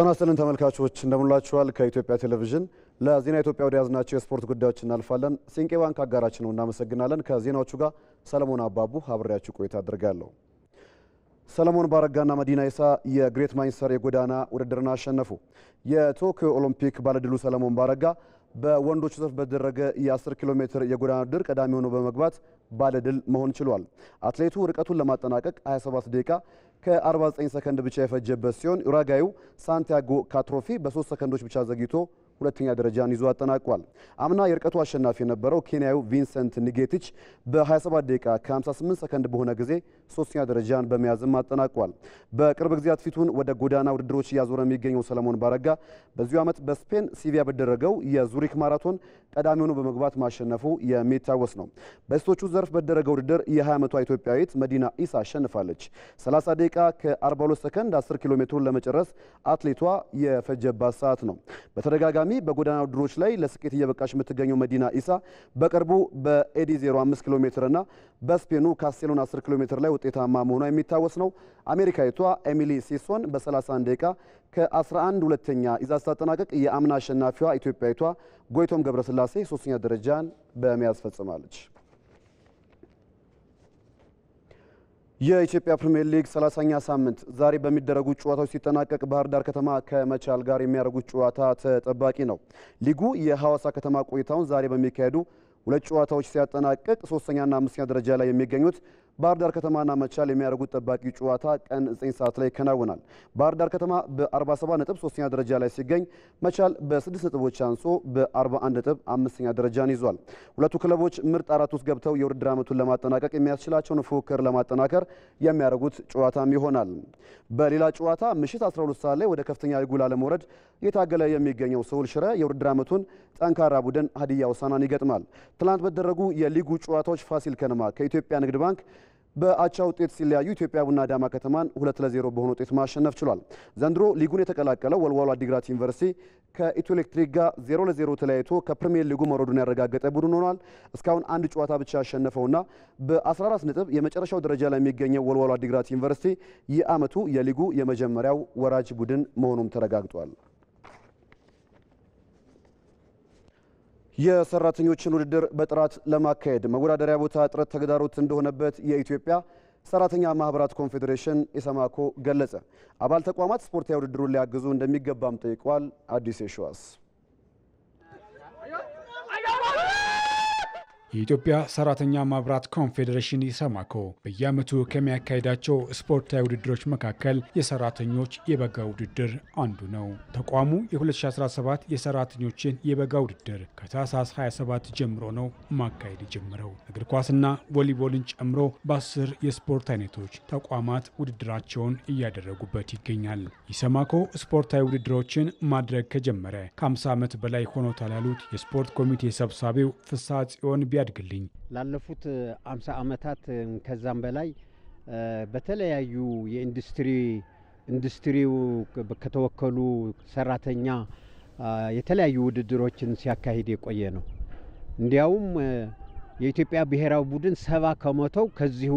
ጤና ይስጥልን ተመልካቾች እንደምንላችኋል። ከኢትዮጵያ ቴሌቪዥን ለዜና ኢትዮጵያ ወደ ያዝናቸው የስፖርት ጉዳዮች እናልፋለን። ሲንቄ ባንክ አጋራችን ነው፣ እናመሰግናለን። ከዜናዎቹ ጋር ሰለሞን አባቡ አብሬያችሁ ቆይታ አድርጋለሁ። ሰለሞን ባረጋና መዲና ይሳ የግሬት ማንችስተር የጎዳና ውድድርን አሸነፉ። የቶኪዮ ኦሎምፒክ ባለድሉ ሰለሞን ባረጋ በወንዶች ዘርፍ በተደረገ የ10 ኪሎ ሜትር የጎዳና ውድድር ቀዳሚ ሆኖ በመግባት ባለድል መሆን ችሏል። አትሌቱ ርቀቱን ለማጠናቀቅ 27 ደቂቃ ከ49 ሰከንድ ብቻ የፈጀበት ሲሆን ኡራጋዩ ሳንቲያጎ ካትሮፊ በሶስት ሰከንዶች ብቻ ዘግይቶ ሁለተኛ ደረጃን ይዞ አጠናቋል። አምና የርቀቱ አሸናፊ የነበረው ኬንያዊ ቪንሰንት ኒጌቲች በ27 ደቂቃ ከ58 ሰከንድ በሆነ ጊዜ ሶስተኛ ደረጃን በመያዝም አጠናቋል። በቅርብ ጊዜያት ፊቱን ወደ ጎዳና ውድድሮች እያዞረ የሚገኘው ሰለሞን ባረጋ በዚሁ ዓመት በስፔን ሲቪያ በደረገው የዙሪክ ማራቶን ቀዳሚ ሆኖ በመግባት ማሸነፉ የሚታወስ ነው። በሴቶቹ ዘርፍ በደረገው ውድድር የ20 ዓመቷ ኢትዮጵያዊት መዲና ኢሳ አሸንፋለች። 30 ደቂቃ ከ42 ሰከንድ 10 ኪሎ ሜትሩን ለመጨረስ አትሌቷ የፈጀባት ሰዓት ነው። በተደጋጋሚ በተደጋጋሚ በጎዳና ውድድሮች ላይ ለስኬት እየበቃች የምትገኘው መዲና ኢሳ በቅርቡ በኤዲ 05 ኪሎ ሜትር እና በስፔኑ ካስቴሎን 10 ኪሎ ሜትር ላይ ውጤታማ መሆኗ የሚታወስ ነው። አሜሪካዊቷ ኤሚሊ ሲሶን በ31 ደቂቃ ከ11 ሁለተኛ ይዛ ስታጠናቀቅ የአምና አሸናፊዋ ኢትዮጵያዊቷ ጎይቶም ገብረስላሴ ሶስተኛ ደረጃን በመያዝ ፈጽማለች። የኢትዮጵያ ፕሪሚየር ሊግ 30ኛ ሳምንት ዛሬ በሚደረጉ ጨዋታዎች ሲጠናቀቅ ባህር ዳር ከተማ ከመቻል ጋር የሚያደርጉት ጨዋታ ተጠባቂ ነው። ሊጉ የሐዋሳ ከተማ ቆይታውን ዛሬ በሚካሄዱ ሁለት ጨዋታዎች ሲያጠናቀቅ ሶስተኛና አምስተኛ ደረጃ ላይ የሚገኙት ባህር ዳር ከተማና መቻል የሚያደርጉት ጠባቂ ጨዋታ ቀን 9 ሰዓት ላይ ይከናወናል። ባህር ዳር ከተማ በ47 ነጥብ ሶስተኛ ደረጃ ላይ ሲገኝ መቻል በ6 ነጥቦች አንሶ በ41 ነጥብ አምስተኛ ደረጃን ይዟል። ሁለቱ ክለቦች ምርጥ አራት ውስጥ ገብተው የውድድር ዓመቱን ለማጠናቀቅ የሚያስችላቸውን ፉክክር ለማጠናከር የሚያደርጉት ጨዋታም ይሆናል። በሌላ ጨዋታ ምሽት 12 ሰዓት ላይ ወደ ከፍተኛ ሊጉ ላለመውረድ እየታገለ የሚገኘው ሰውል ሽረ የውድድር ዓመቱን ጠንካራ ቡድን ሀዲያ ውሳናን ይገጥማል። ትላንት በተደረጉ የሊጉ ጨዋታዎች ፋሲል ከነማ ከኢትዮጵያ ንግድ ባንክ በአቻ ውጤት ሲለያዩ ኢትዮጵያ ቡና አዳማ ከተማን ሁለት ለዜሮ በሆነ ውጤት ማሸነፍ ችሏል። ዘንድሮ ሊጉን የተቀላቀለው ወልዋሎ አዲግራት ዩኒቨርሲቲ ከኢትዮ ኤሌክትሪክ ጋር ዜሮ ለዜሮ ተለያይቶ ከፕሪሚየር ሊጉ መውረዱን ያረጋገጠ ቡድን ሆኗል። እስካሁን አንድ ጨዋታ ብቻ ያሸነፈውና በ14 ነጥብ የመጨረሻው ደረጃ ላይ የሚገኘው ወልዋሎ አዲግራት ዩኒቨርሲቲ የዓመቱ የሊጉ የመጀመሪያው ወራጅ ቡድን መሆኑም ተረጋግጧል። የሰራተኞችን ውድድር በጥራት ለማካሄድ መወዳደሪያ ቦታ እጥረት ተግዳሮት እንደሆነበት የኢትዮጵያ ሰራተኛ ማህበራት ኮንፌዴሬሽን ኢሰማኮ ገለጸ። አባል ተቋማት ስፖርታዊ ውድድሩን ሊያግዙ እንደሚገባም ጠይቋል። አዲስ የሸዋስ የኢትዮጵያ ሰራተኛ ማብራት ኮንፌዴሬሽን ኢሰማኮ በየዓመቱ ከሚያካሄዳቸው ስፖርታዊ ውድድሮች መካከል የሰራተኞች የበጋ ውድድር አንዱ ነው። ተቋሙ የ2017 የሰራተኞችን የበጋ ውድድር ከታህሳስ 27 ጀምሮ ነው ማካሄድ ጀምረው እግር ኳስና ቮሊቦልን ጨምሮ በአስር የስፖርት አይነቶች ተቋማት ውድድራቸውን እያደረጉበት ይገኛል። ኢሰማኮ ስፖርታዊ ውድድሮችን ማድረግ ከጀመረ ከ50 ዓመት በላይ ሆኖታል ያሉት የስፖርት ኮሚቴ ሰብሳቢው ፍሳ ጽዮን ቢያድግልኝ። ላለፉት አምሳ ዓመታት ከዛም በላይ በተለያዩ የኢንዱስትሪ ኢንዱስትሪው ከተወከሉ ሰራተኛ የተለያዩ ውድድሮችን ሲያካሂድ የቆየ ነው። እንዲያውም የኢትዮጵያ ብሔራዊ ቡድን ሰባ ከመቶው ከዚሁ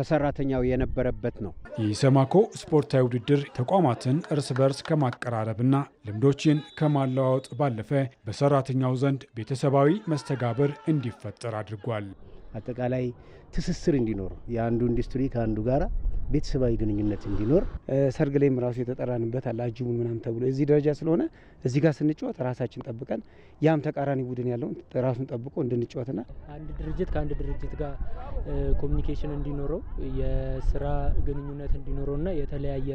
ከሰራተኛው የነበረበት ነው። የኢሰማኮ ስፖርታዊ ውድድር ተቋማትን እርስ በርስ ከማቀራረብና ልምዶችን ከማለዋወጥ ባለፈ በሰራተኛው ዘንድ ቤተሰባዊ መስተጋብር እንዲፈጠር አድርጓል። አጠቃላይ ትስስር እንዲኖር የአንዱ ኢንዱስትሪ ከአንዱ ጋራ ቤተሰባዊ ግንኙነት እንዲኖር ሰርግ ላይም ራሱ የተጠራንበት አለ አጅቡን ምናምን ተብሎ እዚህ ደረጃ ስለሆነ እዚህ ጋር ስንጫወት ራሳችን ጠብቀን ያም ተቃራኒ ቡድን ያለውን ራሱን ጠብቆ እንድንጫወትና አንድ ድርጅት ከአንድ ድርጅት ጋር ኮሚኒኬሽን እንዲኖረው የስራ ግንኙነት እንዲኖረውና የተለያየ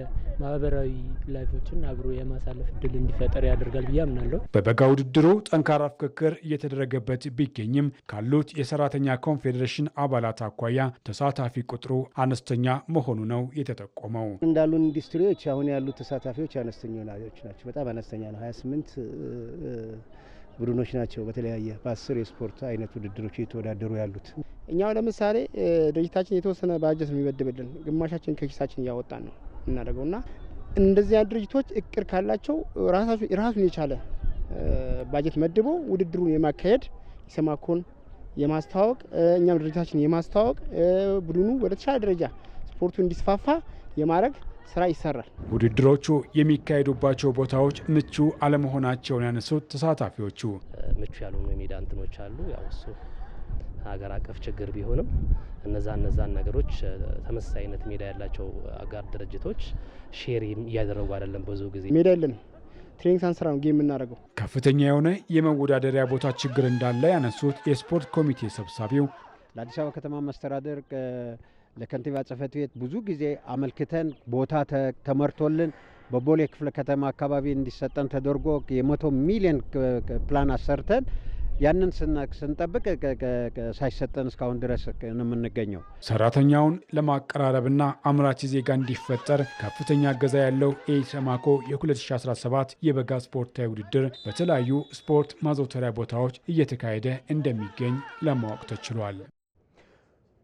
ማህበራዊ ላይፎችን አብሮ የማሳለፍ እድል እንዲፈጠር ያደርጋል ብዬ አምናለሁ። በበጋ ውድድሩ ጠንካራ ፍክክር እየተደረገበት ቢገኝም ካሉት የሰራተኛ ኮንፌዴሬሽን አባላት አኳያ ተሳታፊ ቁጥሩ አነስተኛ መሆኑን ነው የተጠቆመው። እንዳሉ ኢንዱስትሪዎች አሁን ያሉ ተሳታፊዎች አነስተኛ ናቸው፣ በጣም አነስተኛ ነው። 28 ቡድኖች ናቸው በተለያየ በአስር የስፖርት አይነት ውድድሮች እየተወዳደሩ ያሉት። እኛው ለምሳሌ ድርጅታችን የተወሰነ ባጀት የሚመድብልን ግማሻችን ከኪሳችን እያወጣን ነው እናደርገው እና እንደዚህ ድርጅቶች እቅድ ካላቸው ራሱን የቻለ ባጀት መድቦ ውድድሩን የማካሄድ ኢሰማኮን የማስተዋወቅ እኛም ድርጅታችን የማስተዋወቅ ቡድኑ ወደ ተሻለ ደረጃ ስፖርቱ እንዲስፋፋ የማድረግ ስራ ይሰራል። ውድድሮቹ የሚካሄዱባቸው ቦታዎች ምቹ አለመሆናቸውን ያነሱት ተሳታፊዎቹ ምቹ ያልሆኑ የሜዳ እንትኖች አሉ። ያው እሱ ሀገር አቀፍ ችግር ቢሆንም እነዛ እነዛን ነገሮች ተመሳሳይነት ሜዳ ያላቸው አጋር ድርጅቶች ሼር እያደረጉ አይደለም። ብዙ ጊዜ ሜዳ የለንም፣ ትሬኒንግ ሳንስራ ነው ጌም የምናደርገው። ከፍተኛ የሆነ የመወዳደሪያ ቦታ ችግር እንዳለ ያነሱት የስፖርት ኮሚቴ ሰብሳቢው ለአዲስ አበባ ከተማ መስተዳደር ለከንቲባ ጽህፈት ቤት ብዙ ጊዜ አመልክተን ቦታ ተመርቶልን በቦሌ ክፍለ ከተማ አካባቢ እንዲሰጠን ተደርጎ የመቶ ሚሊዮን ፕላን አሰርተን ያንን ስንጠብቅ ሳይሰጠን እስካሁን ድረስ ነው የምንገኘው። ሰራተኛውን ለማቀራረብና አምራች ዜጋ እንዲፈጠር ከፍተኛ እገዛ ያለው ኢሰማኮ የ2017 የበጋ ስፖርታዊ ውድድር በተለያዩ ስፖርት ማዘውተሪያ ቦታዎች እየተካሄደ እንደሚገኝ ለማወቅ ተችሏል።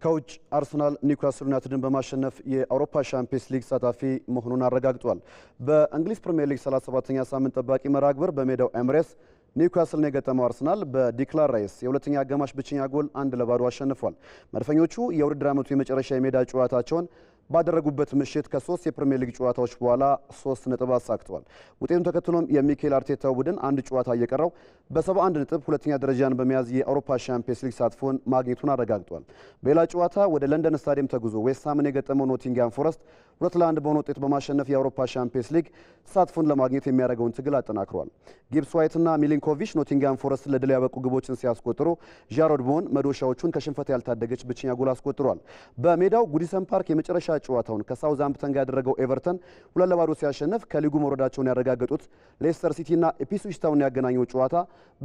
ከውጭ አርሰናል ኒውካስል ዩናይትድን በማሸነፍ የአውሮፓ ሻምፒየንስ ሊግ ተሳታፊ መሆኑን አረጋግጧል። በእንግሊዝ ፕሪምየር ሊግ 37ኛ ሳምንት ጠባቂ መራግብር በሜዳው ኤምሬስ ኒውካስልን የገጠመው አርሰናል በዲክላን ራይስ የሁለተኛ አጋማሽ ብቸኛ ጎል አንድ ለባዶ አሸንፏል። መድፈኞቹ የውድድር ዓመቱ የመጨረሻ የሜዳ ጨዋታቸውን ባደረጉበት ምሽት ከሶስት የፕሪሚየር ሊግ ጨዋታዎች በኋላ ሶስት ነጥብ አሳክተዋል። ውጤቱን ተከትሎም የሚካኤል አርቴታ ቡድን አንድ ጨዋታ እየቀረው በ71 ነጥብ ሁለተኛ ደረጃን በመያዝ የአውሮፓ ሻምፒየንስ ሊግ ሳትፎን ማግኘቱን አረጋግጧል። በሌላ ጨዋታ ወደ ለንደን ስታዲየም ተጉዞ ዌስትሃምን የገጠመው ኖቲንግሃም ፎረስት ሁለት ለአንድ በሆነ ውጤት በማሸነፍ የአውሮፓ ሻምፒየንስ ሊግ ተሳትፎን ለማግኘት የሚያደርገውን ትግል አጠናክሯል። ጊብስ ዋይትና ሚሊንኮቪች ኖቲንግሃም ፎረስት ለድል ያበቁ ግቦችን ሲያስቆጥሩ ዣሮድ ቦን መዶሻዎቹን ከሽንፈት ያልታደገች ብቸኛ ጎል አስቆጥሯል። በሜዳው ጉዲሰን ፓርክ የመጨረሻ ጨዋታውን ከሳውዝሃምፕተን ጋር ያደረገው ኤቨርተን ሁለት ለባዶ ሲያሸነፍ ከሊጉ መውረዳቸውን ያረጋገጡት ሌስተር ሲቲና ኢፕስዊች ታውን ያገናኘው ጨዋታ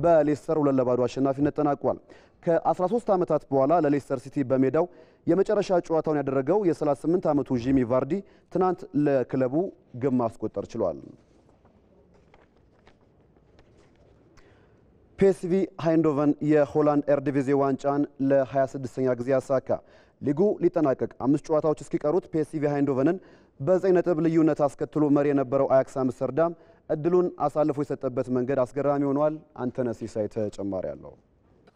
በሌስተር ሁለት ለባዶ አሸናፊነት ተጠናቋል። ከ13 ዓመታት በኋላ ለሌስተር ሲቲ በሜዳው የመጨረሻ ጨዋታውን ያደረገው የ38 ዓመቱ ጂሚ ቫርዲ ትናንት ለክለቡ ግብ ማስቆጠር ችሏል። ፒኤስቪ ሃይንዶቨን የሆላንድ ኤርዲቪዜ ዋንጫን ለ26ኛ ጊዜ አሳካ። ሊጉ ሊጠናቀቅ አምስት ጨዋታዎች እስኪቀሩት ፒኤስቪ ሃይንዶቨንን በዘጠኝ ነጥብ ልዩነት አስከትሎ መሪ የነበረው አያክስ አምስተርዳም እድሉን አሳልፎ የሰጠበት መንገድ አስገራሚ ሆኗል። አንተነህ ሲሳይ ተጨማሪ አለው።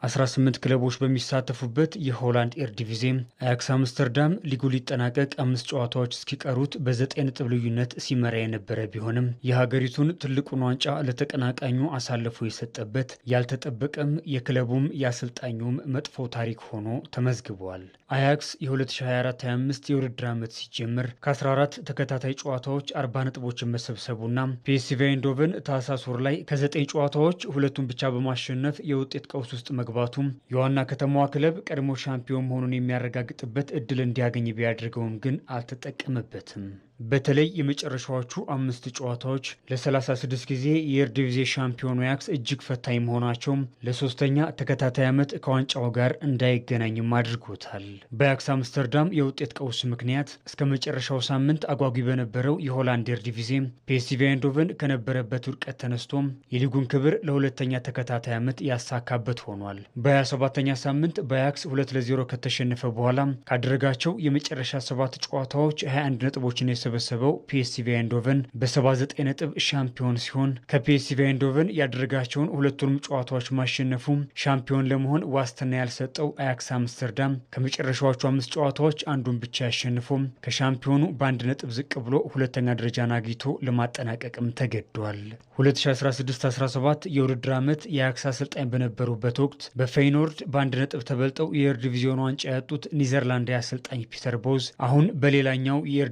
18 ክለቦች በሚሳተፉበት የሆላንድ ኤር ዲቪዜ አያክስ አምስተርዳም ሊጉ ሊጠናቀቅ አምስት ጨዋታዎች እስኪቀሩት በዘጠኝ ነጥብ ልዩነት ሲመራ የነበረ ቢሆንም የሀገሪቱን ትልቁን ዋንጫ ለተቀናቃኙ አሳልፎ የሰጠበት ያልተጠበቀም የክለቡም የአሰልጣኙም መጥፎ ታሪክ ሆኖ ተመዝግቧል። አያክስ የ2024/25 የውድድር ዓመት ሲጀምር ከ14 ተከታታይ ጨዋታዎች 40 ነጥቦችን መሰብሰቡና ፒኤስቪ ኢንዶቨን ታህሳስ ወር ላይ ከ9 ጨዋታዎች ሁለቱን ብቻ በማሸነፍ የውጤት ቀውስ ውስጥ መግባቱም የዋና ከተማዋ ክለብ ቀድሞ ሻምፒዮን መሆኑን የሚያረጋግጥበት እድል እንዲያገኝ ቢያደርገውም ግን አልተጠቀመበትም። በተለይ የመጨረሻዎቹ አምስት ጨዋታዎች ለ36 ጊዜ የኤርዲቪዜ ሻምፒዮን አያክስ እጅግ ፈታኝ መሆናቸው ለሶስተኛ ተከታታይ ዓመት ከዋንጫው ጋር እንዳይገናኝም አድርጎታል። በአያክስ አምስተርዳም የውጤት ቀውስ ምክንያት እስከ መጨረሻው ሳምንት አጓጊ በነበረው የሆላንድ ኤርዲቪዜ ፒኤስቪ አይንዶቨን ከነበረበት ውድቀት ተነስቶም የሊጉን ክብር ለሁለተኛ ተከታታይ ዓመት ያሳካበት ሆኗል። በ27ኛ ሳምንት በአያክስ 2 ለ0 ከተሸነፈ በኋላ ካደረጋቸው የመጨረሻ ሰባት ጨዋታዎች 21 ነጥቦችን የተሰበሰበው ፒኤስቪ አይንዶቨን በ79 ነጥብ ሻምፒዮን ሲሆን ከፒኤስቪ አይንዶቨን ያደረጋቸውን ሁለቱንም ጨዋታዎች ማሸነፉ ሻምፒዮን ለመሆን ዋስትና ያልሰጠው አያክስ አምስተርዳም ከመጨረሻዎቹ አምስት ጨዋታዎች አንዱን ብቻ ያሸንፎ ከሻምፒዮኑ በአንድ ነጥብ ዝቅ ብሎ ሁለተኛ ደረጃን አግኝቶ ለማጠናቀቅም ተገዷል። 2016/17 የውድድር ዓመት የአያክስ አሰልጣኝ በነበሩበት ወቅት በፌይኖርድ በአንድ ነጥብ ተበልጠው የኤር ዲቪዚዮን ዋንጫ ያጡት ኒዘርላንዳዊ አሰልጣኝ ፒተር ቦዝ አሁን በሌላኛው የኤር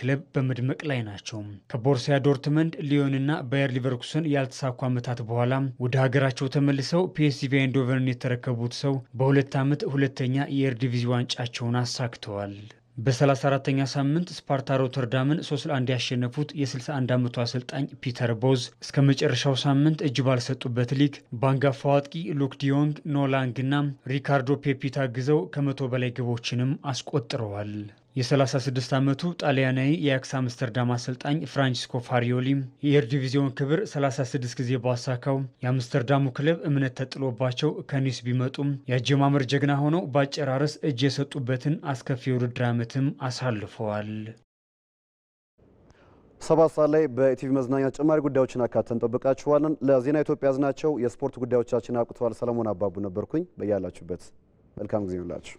ክለብ ነጥብ በመድመቅ ላይ ናቸው። ከቦርሲያ ዶርትመንድ፣ ሊዮንና ባየር ሊቨርኩሰን ያልተሳኩ ዓመታት በኋላ ወደ ሀገራቸው ተመልሰው ፒኤስቪ አይንዶቨርን የተረከቡት ሰው በሁለት ዓመት ሁለተኛ የኤርዲቪዚ ዋንጫቸውን አሳክተዋል። በ34ተኛ ሳምንት ስፓርታ ሮተርዳምን 3 ለ1 ያሸነፉት የ61 ዓመቱ አሰልጣኝ ፒተር ቦዝ እስከ መጨረሻው ሳምንት እጅ ባልሰጡበት ሊግ በአንጋፋው አጥቂ ሉክ ዲዮንግ፣ ኖላንግ እና ሪካርዶ ፔፒ ታግዘው ከመቶ በላይ ግቦችንም አስቆጥረዋል። የ36 ዓመቱ ጣሊያናዊ የአክሳ አምስተርዳም አሰልጣኝ ፍራንቺስኮ ፋሪዮሊ ዲቪዚዮን ክብር 36 ጊዜ ባሳካው የአምስተርዳሙ ክለብ እምነት ተጥሎባቸው ከኒስ ቢመጡም የአጀማመር ጀግና ሆነው በአጨራረስ እጅ የሰጡበትን አስከፊ የውድድር ዓመትም አሳልፈዋል። ሰባት ሰዓት ላይ በኢቲቪ መዝናኛ ተጨማሪ ጉዳዮችን አካተን እንጠብቃችኋለን። ለዜና ኢትዮጵያ ያዝናቸው የስፖርት ጉዳዮቻችን አቁተዋል። ሰለሞን አባቡ ነበርኩኝ። በያላችሁበት መልካም ጊዜ ይሁንላችሁ።